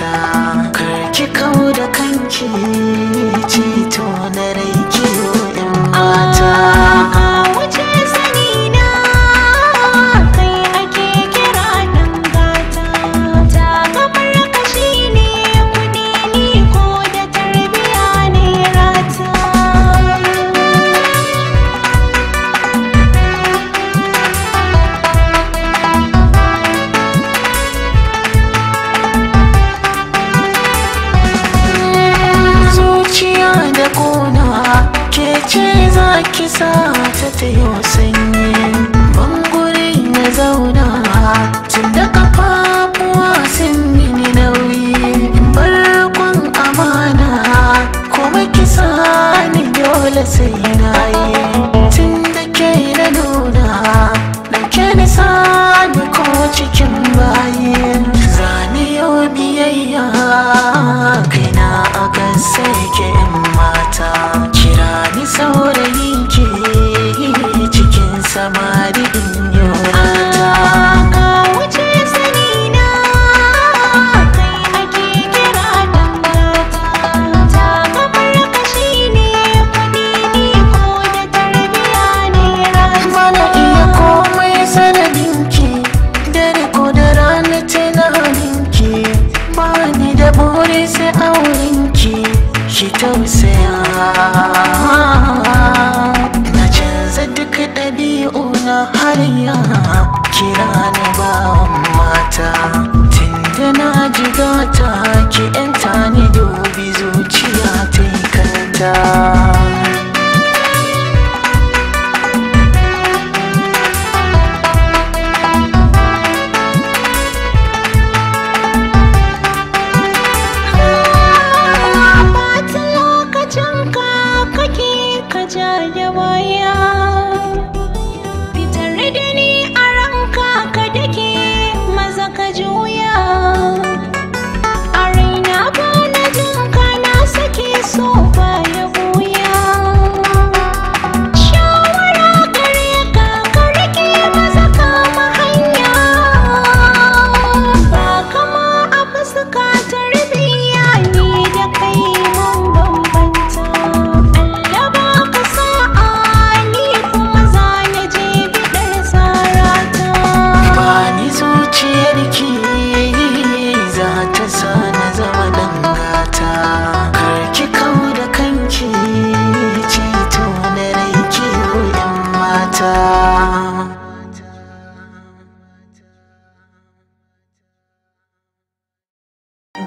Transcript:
ta karki kawo da kanki ci kisa ta tayo sanyi bangure na zauna tun da kafafuwa sun yi ni nauyi barkon amana kuma kisa ni dole sai na yi tun da ke na nuna na ke nisa ni tunaninki ba ni da burin sai aurenki ki tausaya sha da